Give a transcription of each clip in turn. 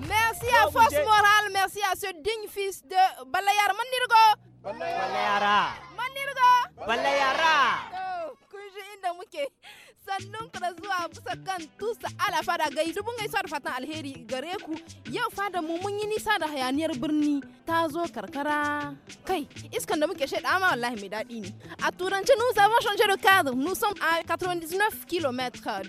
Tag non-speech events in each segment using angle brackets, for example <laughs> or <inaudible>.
Merci à Force Morale, merci à ce digne fils de Balayar Mandirgo. Balayara. Mandirgo. Balayara. Oh, inda muke. Sannun tusa nisa da hayaniyar birni ta zo karkara kai iskan da muke shaida ma wallahi mai daɗi ne a turanci nous avons changé de cadre nous sommes à 99 km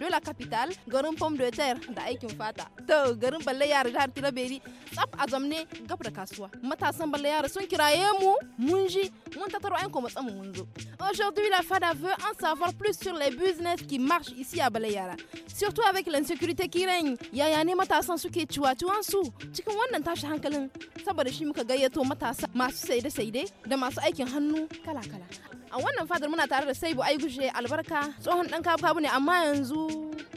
de la capitale garin pomme de terre da aikin fata to garin balle yara jihar tilaberi tsaf a zamne gab da kasuwa matasan balle yara sun kiraye mu mun ji mun tattaro ayin ko matsamu mun zo aujourd'hui la fada veut en savoir plus sur les business qui marchent ici à balle yara surtout avec l'insécurité qui règne yaya ne matasan suke ciwa ciwan su cikin wannan tashi tashi hankalin saboda shi muka gayyato matasa masu saide-saide da masu aikin hannu kala-kala a wannan fadar muna tare da saibu aigushe albarka tsohon dan kabu kabu ne amma yanzu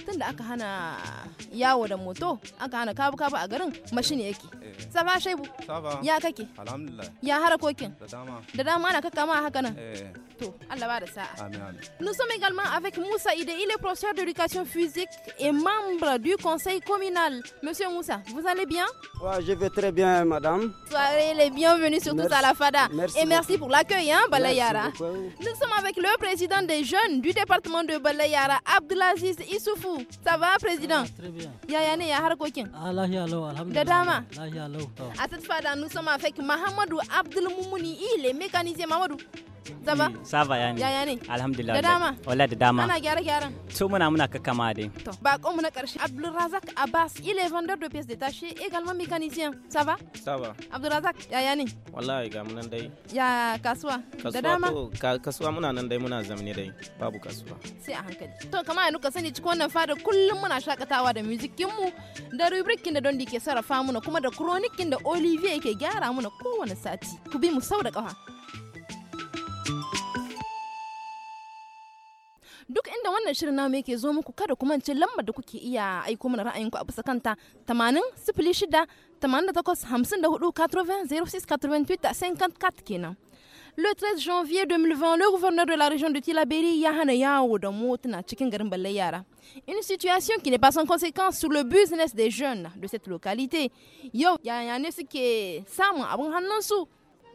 tunda aka hana yawo da moto aka hana kabu kabu a garin mashin yake eh. safa shaibu ya kake alhamdulillah ya harakokin da dama da dama ana kakkama haka nan eh. to Allah ba da sa'a nous sommes également avec Moussa Ide il est professeur d'éducation physique et membre du conseil communal monsieur Moussa vous allez bien ouais je vais très bien madame soyez les bienvenus surtout à la fada merci et merci beaucoup. pour l'accueil hein Balayara merci beaucoup. Nous sommes avec le président des jeunes du département de Balayara, Abdelaziz Issoufou. Ça va, président Très bien. Yayane Yahar Kokin. Allah Yalo, Allah À cette fois, nous sommes avec Mahamadou Abdelmoumouni. Il est mécanicien Mahamadou. Zaba? Saba ya ne. Yaya ne? Alhamdulillah. Da dama? Wala da dama. Ana gyara gyaran? To muna muna kakkama dai. To bakon mu na karshe Abdulrazak Abbas, il est vendeur de pièces détachées, également mécanicien. Ça va? Ça va. Abdulrazak, yaya ne? Wallahi ga munan dai. Ya kasuwa? Da dama? Kasuwa muna nan dai muna zamne dai. Babu kasuwa. Sai a hankali. To kamar yanzu ka sani cikin wannan fada kullum muna shakatawa da musikin mu da rubrikin da Dondi ke sarrafa muna kuma da kronikin da Olivier ke gyara muna kowane sati. Ku bi mu sau da kafa. duk inda wannan shirin namu yake zo muku kada ku mance lambar da kuke iya aiko mana ra'ayinku a bisa kanta 80 06 88 54 80 06 88 54 kenan Le 13 janvier 2020, le gouverneur de la région de Tilaberi, Yahana Yao Domotna Chikingarim Balayara. Une situation qui n'est pas sans conséquence sur le business des jeunes de cette localité. Yo, Yayane, ce qui est Sam, Abon Hanansu,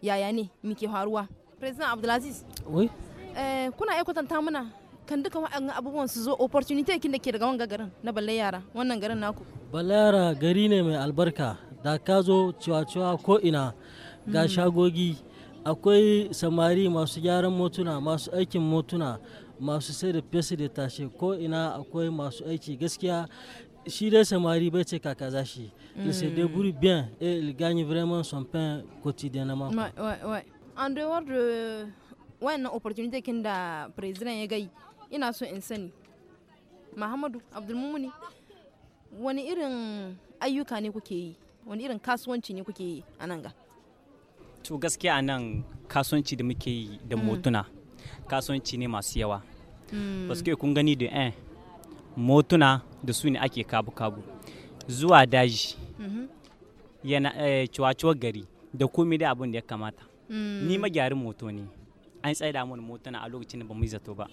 Yayane, Miki Harwa. President Abdulaziz. Oui. Eh, kuna iya kwatanta mana kan duka wa'annan abubuwan su zo opportunity kin da ke daga wanga garin na balle yara wannan garin naku. Balle yara gari ne mai albarka da ka zo ciwa-ciwa ko ina ga hmm. shagogi akwai samari masu gyaran motuna masu aikin motuna masu sai da fesa da tashe ko ina akwai masu aiki gaskiya shi dai samari bai ce kaka zashi hmm. il dai débrouille bien et il gagne vraiment son pain quotidiennement ouais, ouais, ouais. an dawar da wayannan opportunity kin da president ya gai ina so in sani muhammadu abdulmumuni wani irin ayyuka ne kuke yi wani irin kasuwanci ne kuke yi a nan ga to gaskiya a nan kasuwanci da muke yi da mm. motuna kasuwanci ne masu yawa mm. basu kun gani da eh motuna da su ne ake kabu-kabu zuwa daji mm-hmm. yana eh, ciwaciwar gari da komai da abin da ya kamata Hmm. ni ma magyarin moto ne an tsaida mun na a lokacin da ba mu yi zato ba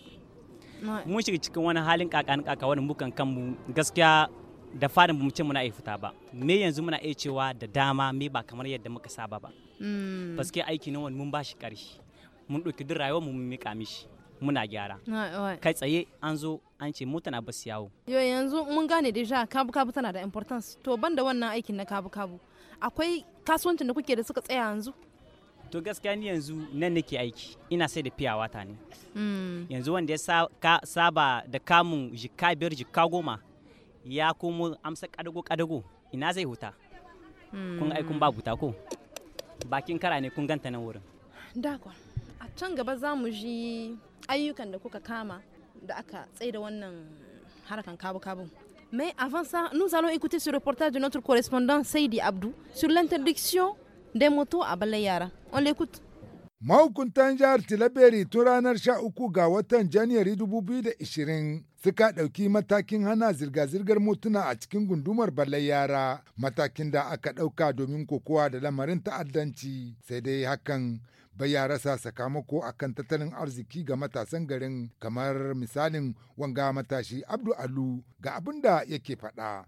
mun shiga cikin wani halin kakan kaka wani mukan kanmu gaskiya da farin mu ce muna iya fita ba me yanzu muna iya cewa da dama me ba kamar yadda muka saba ba hmm. paske aiki na wani mun ba shi karshe mun ɗauki duk rayuwar mu mun mika mishi muna gyara kai tsaye an zo an ce mota na basu yawo yo yanzu mun gane deja kabu kabu tana da importance to banda wannan aikin na kabu kabu akwai kasuwancin da kuke da suka tsaya yanzu to gaskiya ni yanzu nan nake aiki ina sai da fiyawa ta ne hmm. yanzu wanda ya saba da kamun jika biyar jika goma ya komo amsa kadago kadago ina zai huta hmm. kun aikun ba buta ko bakin kara ne kun ganta nan wurin dakon a can gaba za mu ji ayyukan da kuka kama da aka da wannan harkan kabu-kabu mai avant ça, nous allons écouter ce reportage de notre correspondant Seydi Abdou sur l'interdiction des motos à Balayara. On l'écoute. Mahukuntan jihar Tilaberi tun ranar 13 ga watan Janairu 2020 suka ɗauki matakin hana zirga-zirgar motuna a cikin gundumar balai yara matakin da aka ɗauka domin kokowa da lamarin ta'addanci sai dai hakan bai ya rasa sakamako akan tattalin arziki ga matasan garin kamar misalin wanga matashi Abdu Alu ga abin da yake faɗa.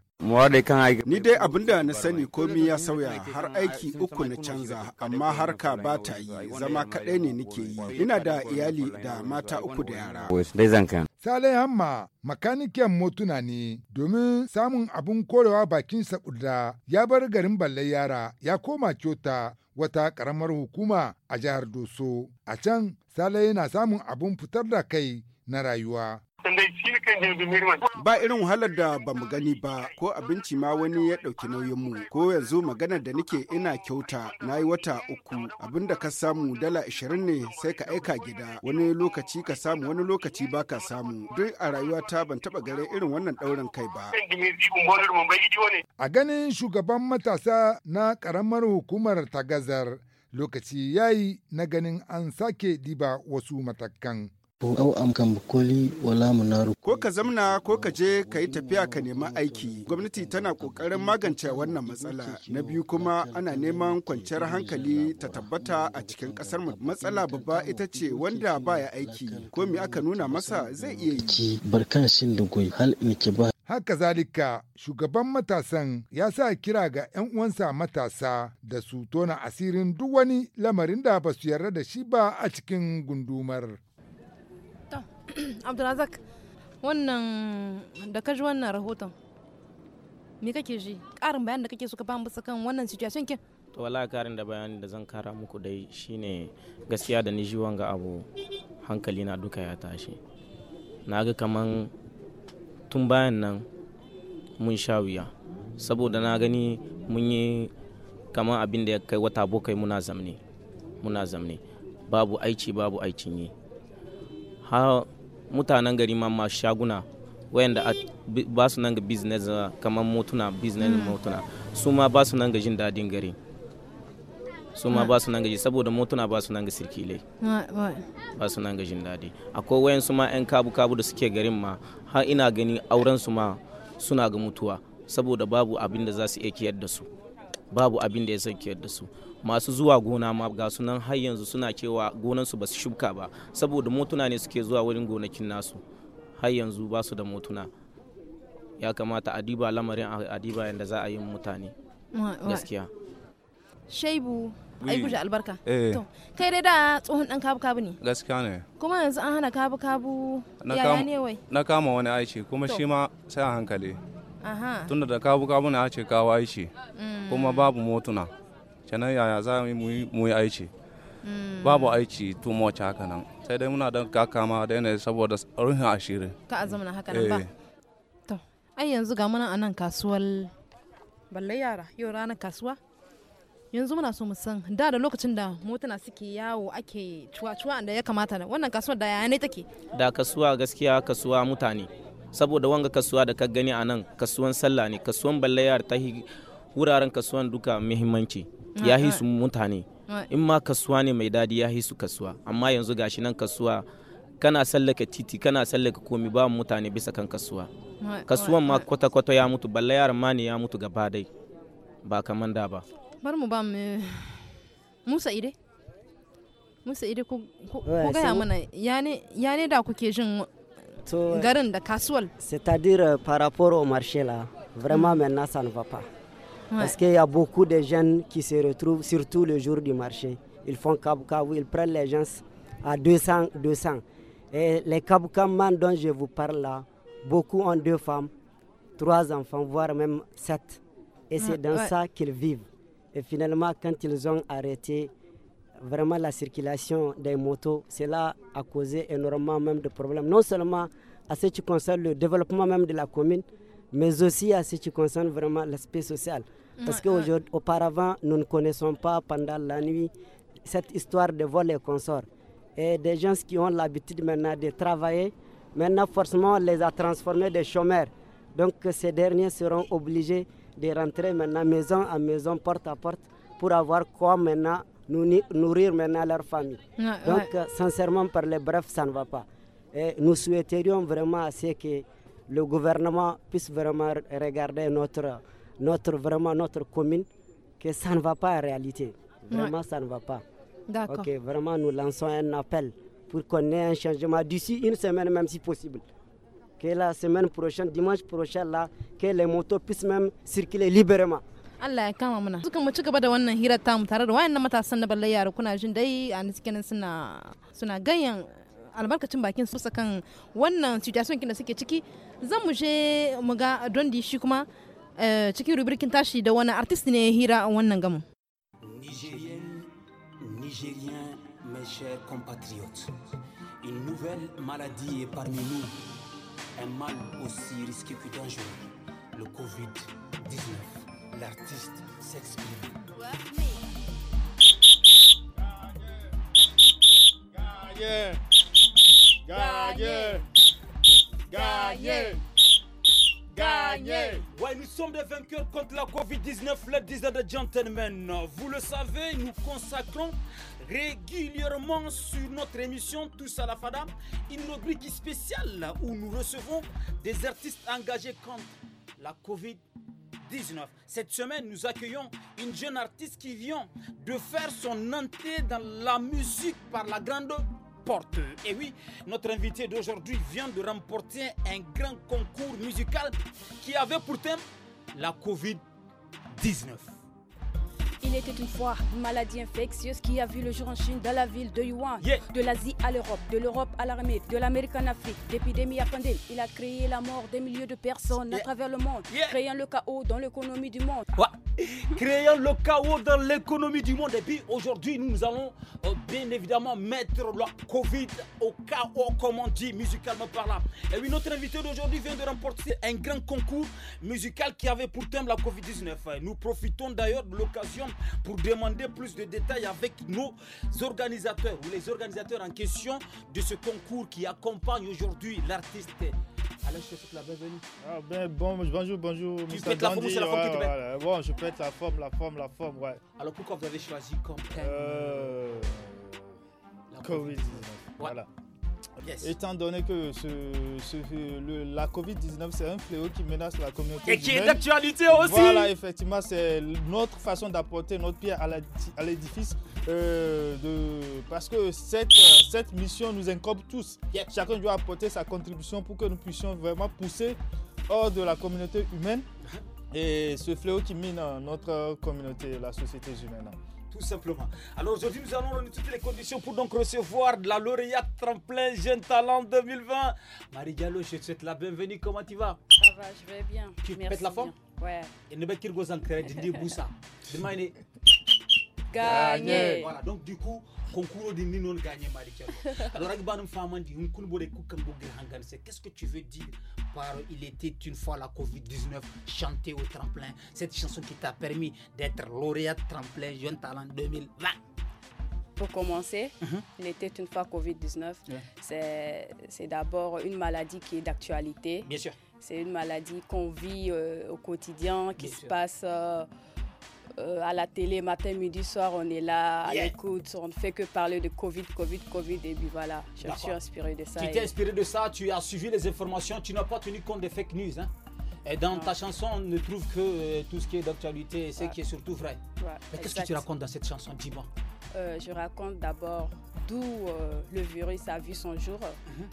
Ni dai abinda na sani komi ya sauya har aiki uku na canza amma harka ba ta yi zama kaɗai ne nike yi. Ina da iyali da mata uku da yara. Sale Hamma makanikiyan motuna ne domin samun abin korewa bakin sakuda ya bar garin balle yara ya koma kyota wata ƙaramar hukuma a jihar Doso. A can Sale yana samun abin fitar da kai na rayuwa. shi kan ba irin wahalar da ba mu gani ba ko abinci ma wani ya ɗauki nauyin mu ko yanzu maganar da nake ina kyauta na yi wata uku Abin da ka samu dala ashirin ne sai ka aika gida wani lokaci ka samu wani lokaci ba ka samu duk a rayuwata ban taɓa gare irin wannan ɗaurin kai ba. A ganin shugaban matasa na ƙaramar hukumar tagazar lokaci yayi na ganin an sake diba wasu matakan. au bukoli wala munaru. Ko ka zamna ko ka je ka yi tafiya ka nemi aiki. Gwamnati tana kokarin magance wannan matsala. Na biyu kuma ana neman kwanciyar hankali ta tabbata a cikin kasar mu. Matsala babba ita ce wanda baya aiki ko me aka nuna masa zai iya yi. da hal in ki ba Haka zalika, shugaban matasan ya sa kira ga 'yan uwansa matasa da su tona asirin duk wani lamarin da ba su yarda da shi ba a cikin gundumar. <clears throat> abdulrazak wannan da ka ji wannan rahoton me kake ji karin bayan da kake suka ba mu kan wannan situation kin to wallahi karin da bayanin da zan kara muku dai shine gaskiya da ni ji wanga abu hankali na duka ya tashi na ga kaman tun bayan nan mun sha wuya saboda na gani mun yi kaman abin da ya kai wata bakwai muna zamne muna zamne babu aici babu aicin yi mutanen gari ma ma shaguna wayanda ba su nan ga business kamar motuna business mm. motuna su ma ba su nan ga jin dadin gari su ma mm. ba su nan gaji saboda motuna ba su nan ga sirkile mm, ba su nan ga jin daɗi akwai wayan su ma 'yan kabu-kabu da suke garin ma har ina gani auren su ma suna ga mutuwa saboda babu abin da za su iya kiyar da su babu abin da ya san kiyar da su masu zuwa gona ma ga sunan har yanzu suna cewa gonansu ba su shuka ba saboda motuna ne suke zuwa wurin gonakin nasu har yanzu ba su da motuna ya kamata a diba lamarin a diba yadda za a yi mutane gaskiya shaibu ai guje albarka eh. to kai dai da tsohon dan kabu kabu ne gaskiya ne kuma yanzu an hana kabu kabu yaya ne wai na kama wani aice kuma shi ma sai a hankali tunda da kabu kabu na ce kawo aice mm. kuma babu motuna canan yaya za mu yi aiki hmm. babu aiki too much haka nan sai dai muna don kakama da yanayi saboda ruhin ashirin ka azumin haka nan ba eh. to ai yanzu ga muna anan kasuwar balle yara yau ranar kasuwa yanzu muna so mu san da da lokacin da motuna suke yawo ake cuwa-cuwa da ya kamata wannan kasuwar da yanayi take da kasuwa gaskiya kasuwa mutane saboda wanga kasuwa da ka gani a nan kasuwan sallah ne kasuwan balle yara ta wuraren kasuwan duka muhimmanci ya ah, ah. su mutane ah. in ma kasuwa ne mai dadi ya su kasuwa amma yanzu gashi nan kasuwa kana sallaka titi kana sallaka komi ba mutane bisa kan kasuwa kasuwan ma kwata-kwata ya mutu balla yaran ma ne ya mutu gaba dai ba kaman da ba bar mu ba mu musa ide musa ide ku gaya mana ya ne da kuke jin garin da kasuwal c'est à dire par rapport au marché là vraiment hmm. maintenant ça ne va pas Parce qu'il y a beaucoup de jeunes qui se retrouvent, surtout le jour du marché. Ils font où ils prennent les gens à 200, 200. Et les kaboukamans dont je vous parle là, beaucoup ont deux femmes, trois enfants, voire même sept. Et c'est dans ça qu'ils vivent. Et finalement, quand ils ont arrêté vraiment la circulation des motos, cela a causé énormément même de problèmes. Non seulement à ce qui concerne le développement même de la commune, mais aussi à ah, ce qui concerne vraiment l'aspect social. Parce qu'auparavant, nous ne connaissons pas pendant la nuit cette histoire de vol et consorts. Et des gens qui ont l'habitude maintenant de travailler, maintenant forcément on les a transformés des chômeurs. Donc ces derniers seront obligés de rentrer maintenant maison à maison, porte à porte, pour avoir quoi maintenant nourrir maintenant leur famille. Donc euh, sincèrement, par les brefs, ça ne va pas. Et nous souhaiterions vraiment à ce que le gouvernement puisse vraiment regarder notre, notre, vraiment notre commune, que ça ne va pas en réalité. Vraiment, ça ne va pas. D'accord. vraiment, nous lançons un appel pour qu'on ait un changement d'ici une semaine, même si possible. Que la semaine prochaine, dimanche prochain, là, que les motos puissent même circuler librement. Allah albarkacin bakin su kan wannan situation kin da suke ciki zan mu je mu ga dondi shi kuma eh, cikin rubrikin tashi da wani artist ne hira a wannan gamin Nigérien, mes chers compatriotes, une nouvelle maladie est parmi nous, un mal aussi risqué que dangereux, le Covid-19. L'artiste s'exprime. Yeah. Gagné, gagné, gagné. Ouais, nous sommes des vainqueurs contre la Covid-19, ladies de gentlemen. Vous le savez, nous consacrons régulièrement sur notre émission Tous à la Fada une rubrique spéciale où nous recevons des artistes engagés contre la Covid-19. Cette semaine, nous accueillons une jeune artiste qui vient de faire son entrée dans la musique par la grande porte. Et oui, notre invité d'aujourd'hui vient de remporter un grand concours musical qui avait pour thème la Covid-19. Il était une fois une maladie infectieuse qui a vu le jour en Chine, dans la ville de Yuan. De l'Asie à l'Europe, de l'Europe à l'armée, de l'Amérique en Afrique, d'épidémie à pandémie. Il a créé la mort des milliers de personnes à travers le monde, créant le chaos dans l'économie du monde. créant le chaos dans l'économie du monde. Et puis aujourd'hui, nous allons euh, bien évidemment mettre la Covid au chaos, comme on dit musicalement parlant. Et oui, notre invité d'aujourd'hui vient de remporter un grand concours musical qui avait pour thème la Covid-19. Nous profitons d'ailleurs de l'occasion pour demander plus de détails avec nos organisateurs ou les organisateurs en question de ce concours qui accompagne aujourd'hui l'artiste. Allez, je te souhaite la bienvenue. Ah ben, bon, bonjour, bonjour. Tu pètes la forme, c'est la forme qui te Bon, je pète la forme, la forme, la forme, ouais. Alors pourquoi vous avez choisi comme euh... La covid Voilà. Étant donné que la Covid-19, c'est un fléau qui menace la communauté. Et qui est d'actualité aussi. Voilà, effectivement, c'est notre façon d'apporter notre pierre à l'édifice. Euh, parce que cette, mission nous incombe tous. Chacun doit apporter sa contribution pour que nous puissions vraiment pousser hors de la communauté humaine uh-huh. et ce fléau qui mine notre communauté, la société humaine tout simplement. Alors aujourd'hui, nous allons donner toutes les conditions pour donc recevoir de la lauréate tremplin Jeune Talent 2020. Marie Diallo, je te souhaite la bienvenue. Comment tu vas Ça va, je vais bien. Tu Merci pètes la forme Ouais. Et ne pas qu'il en crédit, Boussa. Demain, gagné. Voilà, donc du coup, concours de non gagné Alors, un c'est qu'est-ce que tu veux dire par Il était une fois la Covid-19 chanté au tremplin, cette chanson qui t'a permis d'être lauréat tremplin Jeune Talent 2020 pour commencer, uh-huh. il était une fois Covid-19. c'est C'est d'abord une maladie qui est d'actualité. Bien sûr. C'est une maladie qu'on vit euh, au quotidien, qui se passe euh, euh, à la télé, matin, midi, soir, on est là, à l'écoute, on ne fait que parler de Covid, Covid, Covid, et puis voilà, je suis inspirée de ça. Tu t'es inspirée de ça, tu as suivi les informations, tu n'as pas tenu compte des fake news. Hein? Et dans ta chanson, on ne trouve que euh, tout ce qui est d'actualité et ce qui est surtout vrai. Mais qu'est-ce que tu racontes dans cette chanson Dis-moi. Euh, je raconte d'abord d'où le virus a vu son jour. Mhm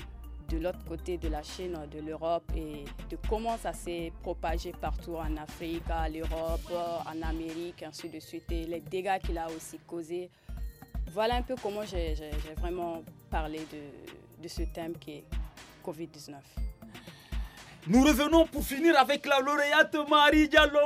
de l'autre côté de la Chine, de l'Europe et de comment ça s'est propagé partout en Afrique, à l'Europe, en Amérique, ainsi de suite, et les dégâts qu'il a aussi causés. Voilà un peu comment j'ai vraiment parlé de, ce thème qui est Covid-19. Nous revenons pour finir avec la lauréate Marie Diallo.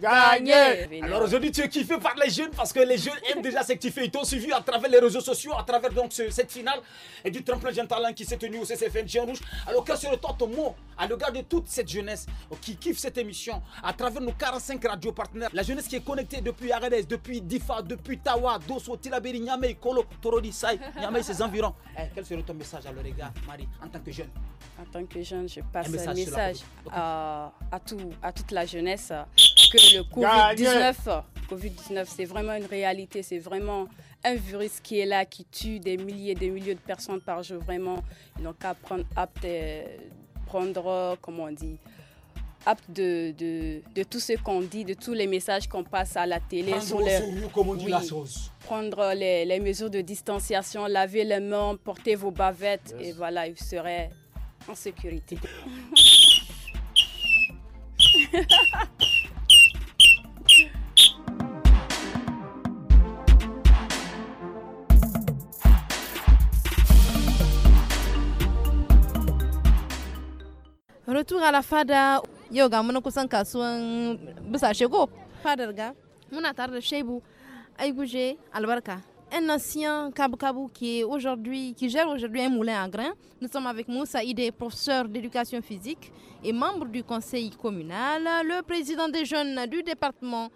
Gagné Alors aujourd'hui, tu es kiffé par les jeunes parce que les jeunes aiment déjà ce que tu Ils t'ont suivi à travers les réseaux sociaux, à travers donc cette finale et du tremplin jeune talent qui s'est tenu au CCFN Jean Rouge. Alors quel serait ton mot à l'égard de toute cette jeunesse qui kiffe cette émission à travers nos 45 radio partenaires La jeunesse qui est connectée depuis Agadez, depuis Difa, depuis Tawa, Dosso, Tilaberi, Niamey, Kolo, Torodi, Saï, Niamey, ses environs. Eh, quel serait ton message à leur égard, Marie, en tant que jeune En tant que jeune, je passe un message, à, tout, à toute la jeunesse que le Covid-19, COVID-19 c'est vraiment une réalité, c'est vraiment un virus qui est là, qui tue des milliers et des milliers de personnes par jour. Vraiment, ils n'ont qu'à prendre, apte, prendre, comment on dit, apte de, de, tout ce qu'on dit, de tous les messages qu'on passe à la télé. Prendre les, mesures de distanciation, laver les mains, porter vos bavettes, et voilà, ils seraient en sécurité. <laughs> retour à la fada yoga, mon un ancien kabukabu qui, est aujourd'hui, qui gère aujourd'hui un moulin à grains. Nous sommes avec Moussa Ide, professeur d'éducation physique et membre du conseil communal, le président des jeunes du département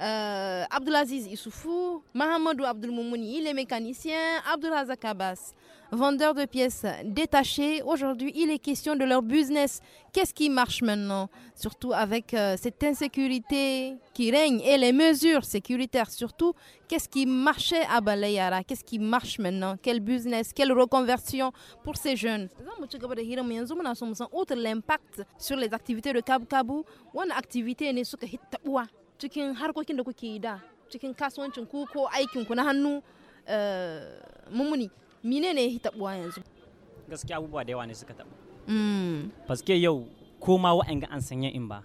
euh, Abdelaziz Issoufou, Mahamadou Abdul les il est mécanicien, Abbas, vendeur de pièces détachées. Aujourd'hui, il est question de leur business. Qu'est-ce qui marche maintenant Surtout avec euh, cette insécurité qui règne et les mesures sécuritaires surtout. Qu'est-ce qui marchait à Balayara Qu'est-ce qui marche maintenant Quel business Quelle reconversion pour ces jeunes l'impact sur les activités de Kabou Kabou, une activité cikin harkokin da kuke yi da cikin kasuwancin ku ko aikin ku na hannu eh, mummuni mine ne ya tabuwa yanzu gaskiya abubuwa da yawa ne suka tabu Faske mm. yau ko ma wa'anga an sanya in ba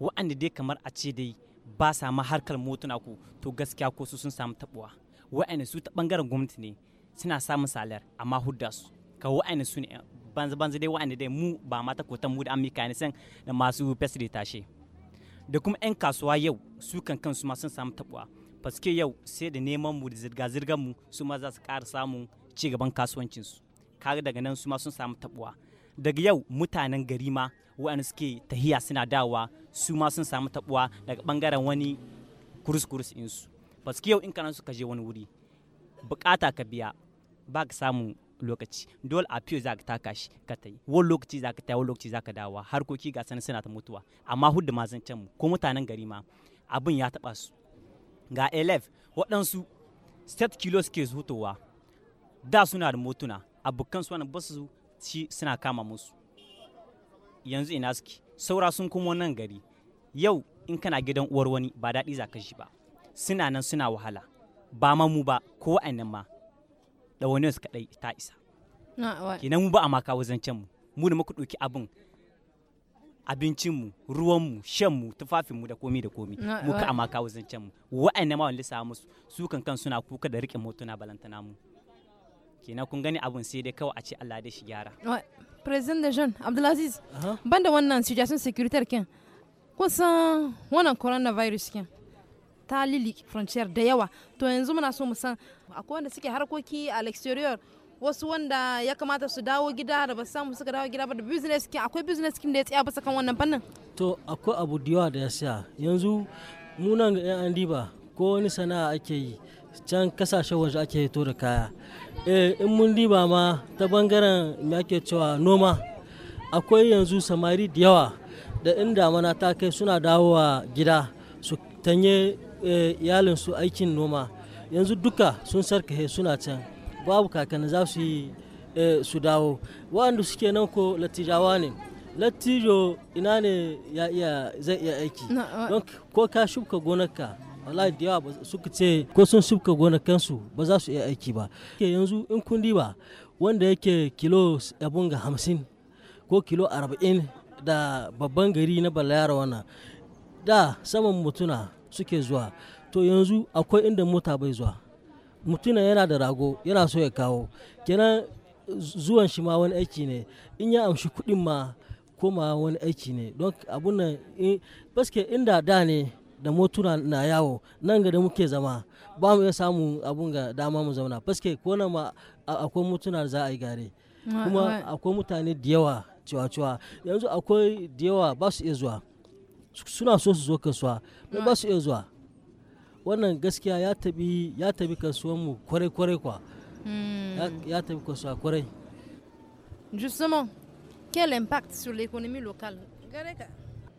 wa'anda dai kamar a ce dai ba sa ma harkar motuna ku to gaskiya ko su sun samu tabuwa wa'anda su ta bangaren gwamnati ne suna samun salar amma hudda su ka wa'anda su ne eh, banza banza dai wa'anda dai mu ba mata kotan mu da amika ne san da masu fesri tashe da kuma 'yan kasuwa yau su kan kansu ma sun samu tabuwa paske yau sai da neman mu da zirga-zirgar mu su ma za su ƙara samun ci gaban kasuwancin su daga nan su ma sun samu tabuwa daga yau mutanen gari ma waɗanda suke tahiya suna dawowa su ma sun samu tabuwa daga bangaren wani kurus-kurus insu paske yau in kana suka je wani wuri bukata ka biya ba ka samu lokaci dole a fiye za ka taka shi ka ta yi wani lokaci za ka ta wani lokaci za ka dawa harkoki ga sanin suna ta mutuwa amma hudu ma can mu ko mutanen gari ma abin ya taba su ga elef waɗansu state kilo suke zutowa da suna da motuna abokan su wani basu ci suna kama musu yanzu ina suke saura sun kuma nan gari yau in kana gidan uwar wani ba daɗi za ka shi ba suna nan suna wahala ba ma mu ba ko wa'annan ma wasu kaɗai ta isa kenan mu ba a maka can mu mu da muka ɗauki abin abincinmu ruwanmu shanmu tufafinmu da komi da komi mu ka amma kawo mu wa'annan ma wanda samu su kan kan suna kuka da rike motuna balantana mu kenan kun gani abun sai dai kawai a ce Allah da shi gyara president de jean abdulaziz banda wannan suggestion sekuritar kin kusan wannan coronavirus kin ta lili frontier da yawa to yanzu muna so mu san akwai wanda suke harkoki a l'exterior wasu wanda ya kamata su dawo gida da ba samu suka dawo gida ba da business kin akwai business kin da ya tsaya ba kan wannan fannin to akwai abu da yawa da ya sa yanzu mu nan ga yan andiba ko wani sana'a ake yi can kasashen waje ake hito da kaya eh in mun diba ma ta bangaren me ake cewa noma akwai yanzu samari da yawa da inda mana ta kai suna dawowa gida su tanye Eh, iyalin su aikin noma yanzu duka sun sarkahe suna can babu kakanni za su yi eh, su dawo waɗanda suke nan ko latijawa ne latijo ina ne ya iya zai iya aiki don ko ka shuka gonarka wala da yawa suka ce ko sun shuka gonakansu ba za su iya aiki ba yanzu in kun ba wanda yake kilo abun ga hamsin ko kilo arba'in da babban gari na balayar wana da saman mutuna suke zuwa to yanzu akwai inda mota bai zuwa mutum yana da rago yana so ya kawo kenan zuwan shi ma wani aiki ne in ya amshi kuɗin ma koma wani aiki ne don abun nan eh, baske inda da ne da motuna na yawo nan ga da muke zama ba mu iya samu abun ga dama mu zauna baske ko nan ma akwai motuna za a yi gare kuma akwai mutane da yawa cewa-cewa yanzu akwai da yawa ba su iya zuwa suna so su zo kasuwa mai ba su iya zuwa wannan gaskiya ya tabi ya tabi kasuwan mu kwarai kwarai kwa hmm. ya tabi kasuwa kwarai justement quel impact sur l'économie locale gareka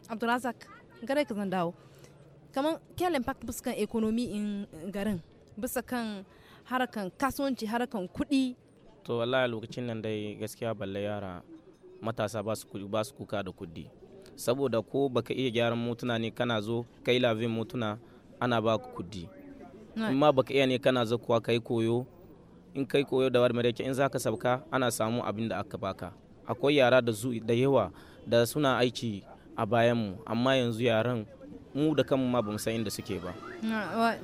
abdurazak gareka zan dawo kaman quel impact bisa kan economy in garin bisa kan harakan kasuwanci harakan kuɗi to wallahi lokacin nan dai gaskiya balle yara matasa ba su kuka da kuɗi saboda ko baka iya gyaran motuna ne kana zo kai lavin motuna ana ba ku kudi in ma baka iya ne kana zo kuwa kai koyo in kai koyo da warmare mareke in zaka sabka ana samu abin da aka baka akwai yara da zu da yawa da suna aiki a bayanmu amma yanzu yaran mu da kanmu ma bamu san inda suke ba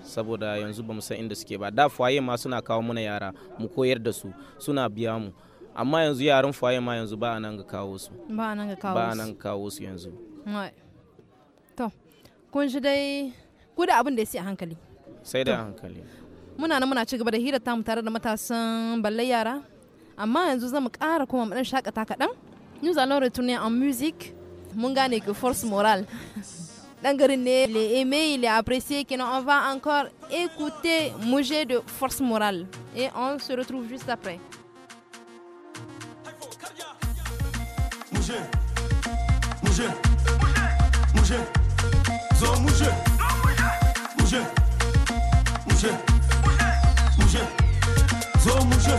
saboda yanzu bamu san inda suke ba da faye ma suna kawo mana yara mu koyar da su suna biya mu amma yanzu yaran faye ma yanzu ba a nan ga kawo su ba a nan ga kawo su ba a nan ga kawo su yanzu to kun shi dai ku da abin da ya sai a hankali sai da hankali muna nan muna ci gaba da hirar tamu tare da matasan balle yara amma yanzu za mu ƙara kuma mu dan shakata kaɗan nous allons retourner en musique mun gane que force morale dan <laughs> garin ne le aimer le apprécier que on va encore écouter mouger de force morale et on se retrouve juste après Muže, muže, muže, zo muže, muže, muže, muže, zo muže,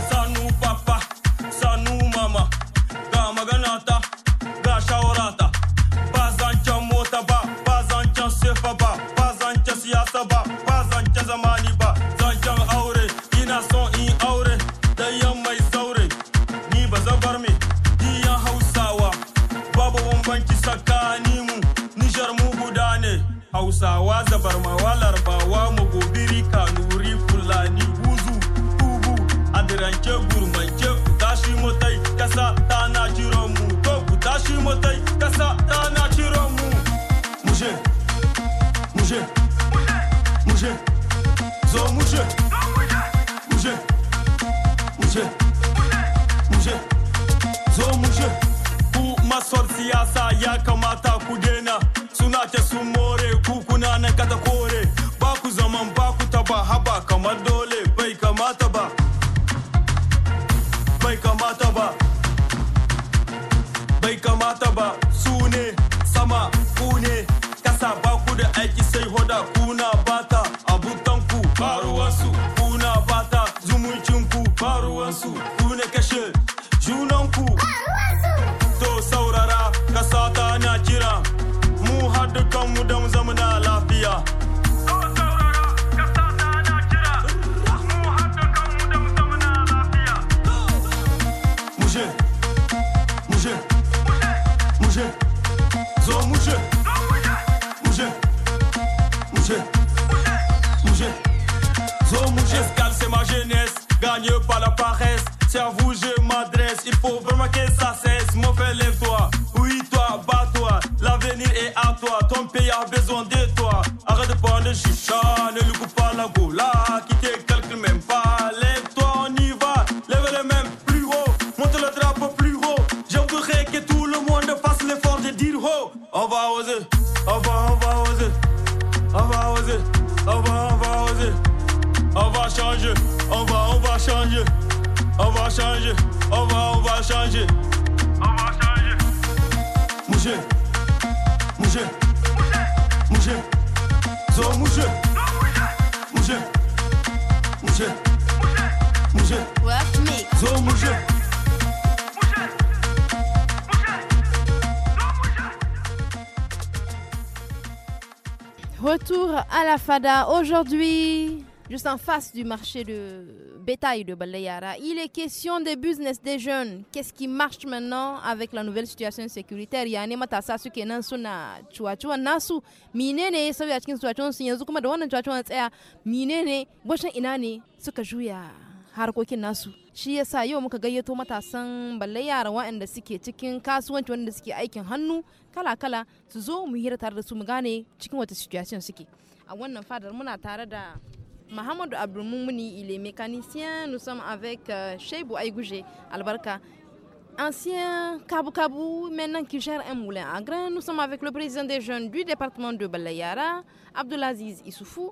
ta sun more kukuna na kata kore ba ku zaman ba ku taba haba kamar dole bai kamata ba bai kamata ba bai kamata ba su ne sama ku ne kasa ba ku da aiki wanna go Fada. Aujourd'hui, juste en face du marché de bétail de Baleyara. il est question des business des jeunes. Qu'est-ce qui marche maintenant avec la nouvelle situation sécuritaire Yani matasa suke nan suna cuwa-cuwan nasu. su ya sauya cikin cuwa-cuwan su yanzu kuma da wannan a cuwan tsaya menene bacin ina ne suka juya nasu shi yasa yau muka gayyato matasan balle yara waɗanda suke cikin kasuwanci wanda suke aikin hannu kala-kala su zo mu hira tare da su mu gane cikin wata situation suke a wannan fadar muna tare da Muhammadu Abdelmoumouni, il est mécanicien. Nous sommes avec euh, Cheibou Aïgougé, Albarka, ancien Kabu Kabu maintenant qui gère un moulin à grains. Nous sommes avec le président des jeunes du département de Balayara, Abdulaziz Issoufou.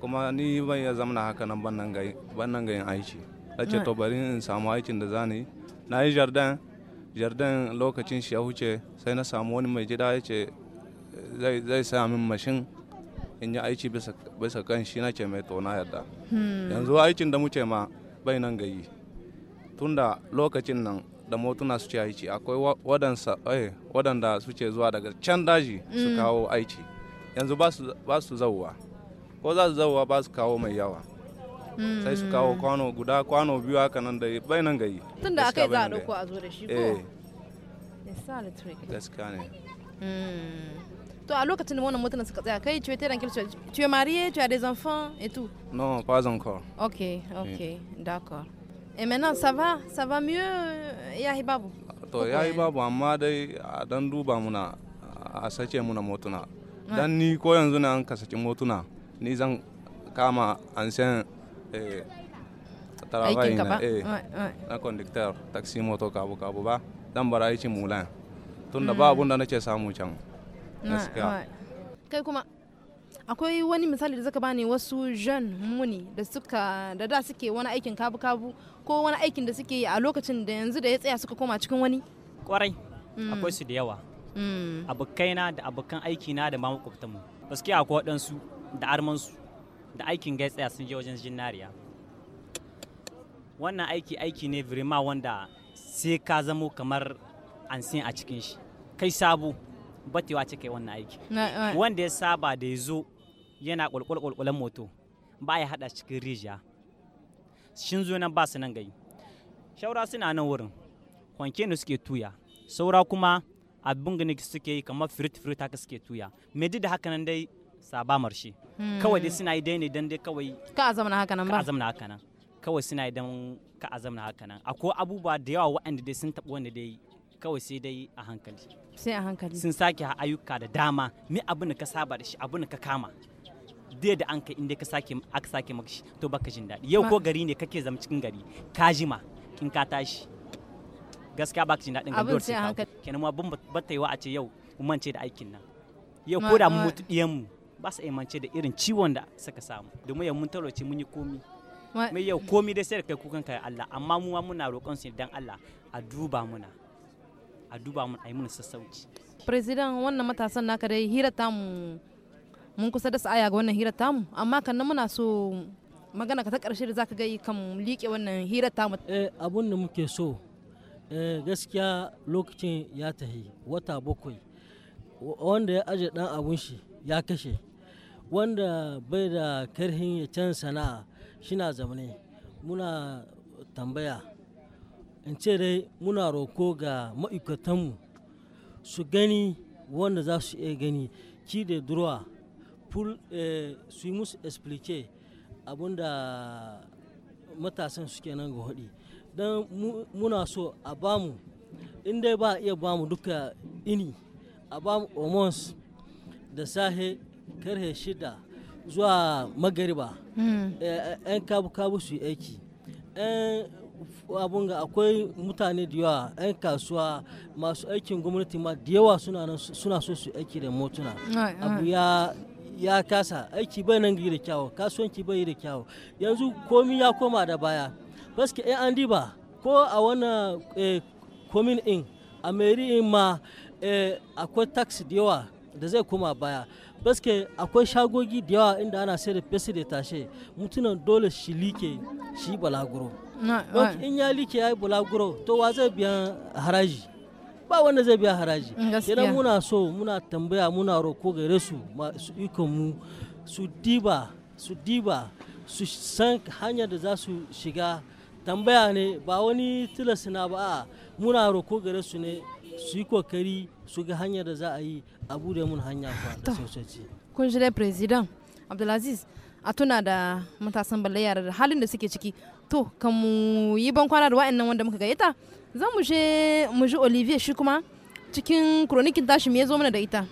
kuma ni ban ya zamana haka nan ban nan ga yin aiki na ce to bari in samu aikin da za ni na yi jardin jardin lokacin shi ya huce sai na samu wani mai gida ya ce zai sa min mashin in yi aiki bisa kan shi na ce mai tona yarda hmm. yanzu aikin da muke ma bai nan gayi tunda lokacin nan da motuna su ce aiki akwai eh, waɗanda su ce zuwa daga can daji su hmm. kawo aiki yanzu ba su zauwa ko za su zauwa ba su kawo mai yawa sai su kawo kwano guda kwano biyu haka nan da bai nan gayi tun da aka yi za a ɗauko a zo da shi ko eh. gaskiya ne hmm. to a lokacin da wannan mutanen suka tsaya kai ciwe teran kirce ciwe marie tu as des enfants et tout non pas encore ok ok d'accord et maintenant ça va ça va mieux euh, yahi babu to yahi babu amma dai a dan duba muna a sace muna motuna dan ni ko yanzu na an ka saki motuna ni zan kama ansen eh, travail na eh, na conducteur taxi moto kabu kabu ba dan bara aikin mulan tunda ba mm. abun da nake samu can gaskiya kai kuma akwai wani misali da zaka bani wasu jan muni da suka da da suke wani aikin kabu-kabu ko wani aikin da suke yi a lokacin da yanzu da ya tsaya suka koma cikin wani kwarai mm. akwai su da yawa mm. abokaina da abokan aikina da ma gaskiya akwai waɗansu da armansu da aikin gaitsaya sun je wajen zinariya wannan aiki aiki ne birima wanda sai ka zamo kamar an sin a cikin shi kai sabu batewa ce kai wannan aiki wanda ya saba da ya zo yana kwalkwalkwalkwalan moto ba ya hada cikin rijiya shin zo nan ba su nan gai shaura suna nan wurin kwanke ne suke tuya saura kuma abin gani suke yi kamar firit firit haka suke tuya me duk da haka nan dai sabamar shi hmm. kawai dai suna yi dai ne don dai kawai ka azamna haka nan ba ka azamna haka nan kawai suna yi dan ka azamna haka nan akwai abubuwa da yawa waɗanda dai sun taɓa wanda dai kawai sai dai a hankali sai a hankali sun sake ayyuka da dama me abin da ka saba da shi abin da ka kama dai da an kai inda ka sake aka sake maka shi to baka jin daɗi yau ko gari ne kake zama cikin gari ka jima in ka tashi gaskiya baka jin daɗin gari sai a hankali kenan ma ban bata yiwa a ce yau mun ce da aikin nan yau ko da mu mutu ɗiyan mu ba su imance da irin ciwon da suka samu domin yau mun talauci mun yi komi mai yau komi dai sai da kai kukan kai Allah amma mu muna roƙon su dan Allah a duba muna a duba mun a yi mun sassauci president wannan matasan naka dai hira tamu mun kusa da aya ga wannan hira tamu amma kan muna so magana ka ta karshe da zaka ga kan liƙe wannan hira tamu eh abun da muke so eh gaskiya lokacin ya tahi wata bakwai wanda ya aje dan abun shi ya kashe wanda bai da karhin ya can sana'a shina zamani muna tambaya in ce dai muna roko ga ma'aikatanmu su gani wanda za su iya gani ki da durowa eh, su yi musu explique abinda matasan suke nan ga hudi don muna so a bamu in dai ba iya bamu duka ini a bamu omons da sahe karhe shida zuwa magariba hmm. eh, yan kabu-kabu su aiki yan abun ga akwai mutane da yawa yan kasuwa masu aikin gwamnati ma da yawa suna so su aiki da motuna abu ya ya kasa aiki bai nan da kyawu kasuwanci bai da kyawu yanzu komi ya koma da baya baske yan an diba ko a wannan eh, komin in a meri in ma eh, akwai taxi da yawa da zai koma baya baske akwai shagogi da yawa inda ana sai da fesa da tashe mutunan dole shi like shi balaguro in ya like ya yi balaguro to wa zai biya haraji ba wanda zai biya haraji idan muna so muna tambaya muna roko gare su masu ikon mu su diba su diba su san hanyar da za su shiga tambaya ne ba wani tilasina ba muna roko gare su ne su yi kokari su ga hanyar da za a yi a bude mun hanya da sosoci. kun shi president abdulaziz a tuna da matasan balle yara da halin da suke ciki to kan mu yi ban kwana da wa'annan wanda muka gayyata zan mu je mu ji olivier shi kuma cikin kronikin tashi me ya zo mana da ita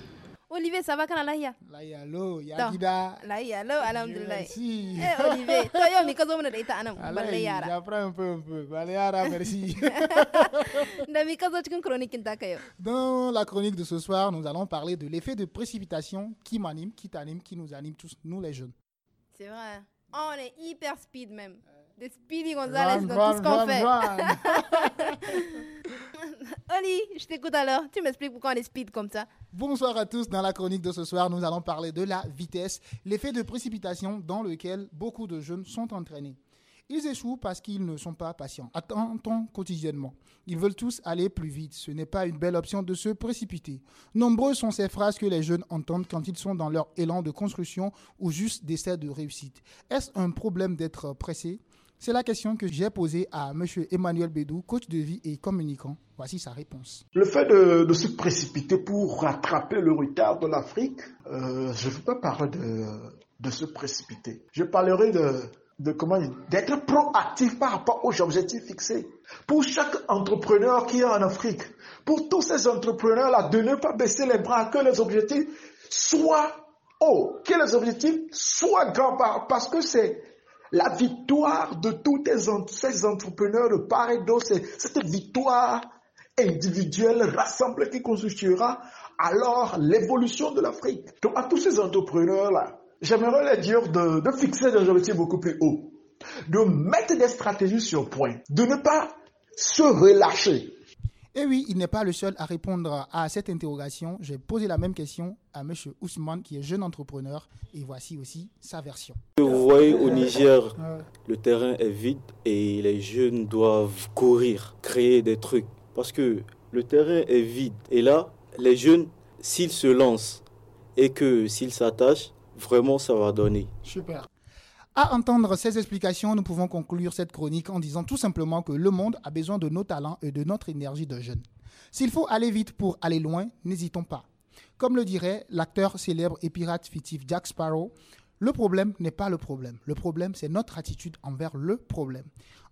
Olivier, ça va kana l'aïa? Lahiya lo, ya gida. Lahiya lo, alhamdulillah. Merci. Eh Olivier, <laughs> to yau me ka zo mana da ita anan yara. un peu un peu. merci. <laughs> da chronique Dans la chronique de ce soir, nous allons parler de l'effet de précipitation qui m'anime, qui t'anime, qui nous anime tous nous les jeunes. C'est vrai. Hein. Oh, on est hyper speed même. Euh, de Speedy Gonzalez dans tout ce qu'on fait. <laughs> Oli, je t'écoute alors. Tu m'expliques pourquoi on est speed comme ça. Bonsoir à tous. Dans la chronique de ce soir, nous allons parler de la vitesse, l'effet de précipitation dans lequel beaucoup de jeunes sont entraînés. Ils échouent parce qu'ils ne sont pas patients. Attendons quotidiennement. Ils veulent tous aller plus vite. Ce n'est pas une belle option de se précipiter. Nombreuses sont ces phrases que les jeunes entendent quand ils sont dans leur élan de construction ou juste d'essai de réussite. Est-ce un problème d'être pressé c'est la question que j'ai posée à M. Emmanuel Bédou, coach de vie et communicant. Voici sa réponse. Le fait de, se précipiter pour rattraper le retard de l'Afrique, euh, je ne veux pas parler de, se précipiter. Je parlerai de, comment d'être proactif par rapport aux objectifs fixés. Pour chaque entrepreneur qui est en Afrique, pour tous ces entrepreneurs-là, de ne pas baisser les bras, que les objectifs soient hauts, que les objectifs soient grands, parce que c'est la victoire de tous ces entrepreneurs de part et d'autre, cette victoire individuelle, rassemble qui constituera alors l'évolution de l'Afrique. Donc à tous ces entrepreneurs-là, j'aimerais les dire de, de fixer des objectifs beaucoup plus hauts, de mettre des stratégies sur point, de ne pas se relâcher. Et eh oui, il n'est pas le seul à répondre à cette interrogation. J'ai posé la même question à M. Ousmane, qui est jeune entrepreneur, et voici aussi sa version. Vous voyez, au Niger, le terrain est vide et les jeunes doivent courir, créer des trucs. Parce que le terrain est vide. Et là, les jeunes, s'ils se lancent et que s'ils s'attachent, vraiment, ça va donner. Super. À entendre ces explications, nous pouvons conclure cette chronique en disant tout simplement que le monde a besoin de nos talents et de notre énergie de jeunes. S'il faut aller vite pour aller loin, n'hésitons pas. Comme le dirait l'acteur célèbre et pirate fictif Jack Sparrow, le problème n'est pas le problème. Le problème, c'est notre attitude envers le problème.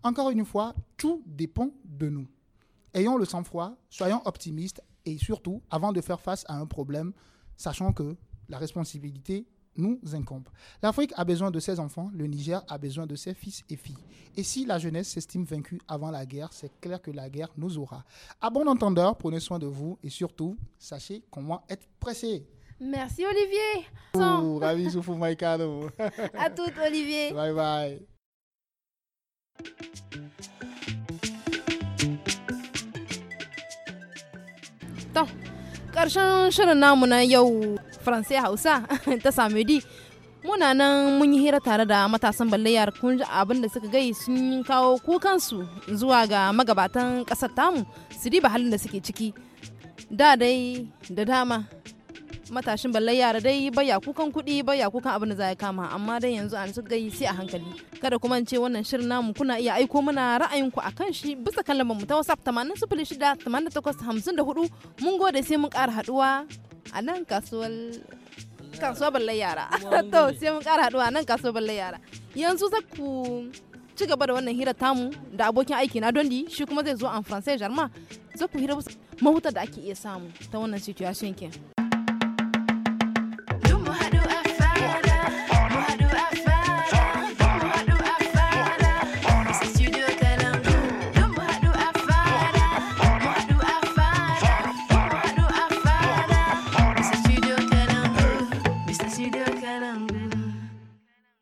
Encore une fois, tout dépend de nous. Ayons le sang-froid, soyons optimistes et surtout, avant de faire face à un problème, sachant que la responsabilité nous incombe. L'Afrique a besoin de ses enfants, le Niger a besoin de ses fils et filles. Et si la jeunesse s'estime vaincue avant la guerre, c'est clair que la guerre nous aura. À bon entendeur, prenez soin de vous et surtout, sachez comment être pressé. Merci Olivier. ravi <laughs> À tout Olivier. Bye bye. karshen shirin namu na yau faransai hausa <laughs> ta samedi muna nan mun yi hira tare da matasan ballayyar kun ji abin suka gai sun kawo kukansu zuwa ga magabatan kasar tamu su diba halin da suke ciki da dai da dama matashin balle yara dai ya kukan kuɗi ya kukan abin da za ya kama amma dai yanzu an suka yi sai a hankali kada kuma ce wannan shirin namu kuna iya aiko mana ra'ayinku a kan shi bisa kan lambar mu ta WhatsApp 80 mun gode sai mun ƙara haɗuwa a nan kasuwar kasuwar balle yara <laughs> to sai mun ƙara haɗuwa a nan kasuwar balle yara yanzu za ku ci gaba da wannan hira tamu da abokin aiki na dondi shi kuma zai zo an francais jarma za ku hira mahuta da ake iya samu ta wannan situation kin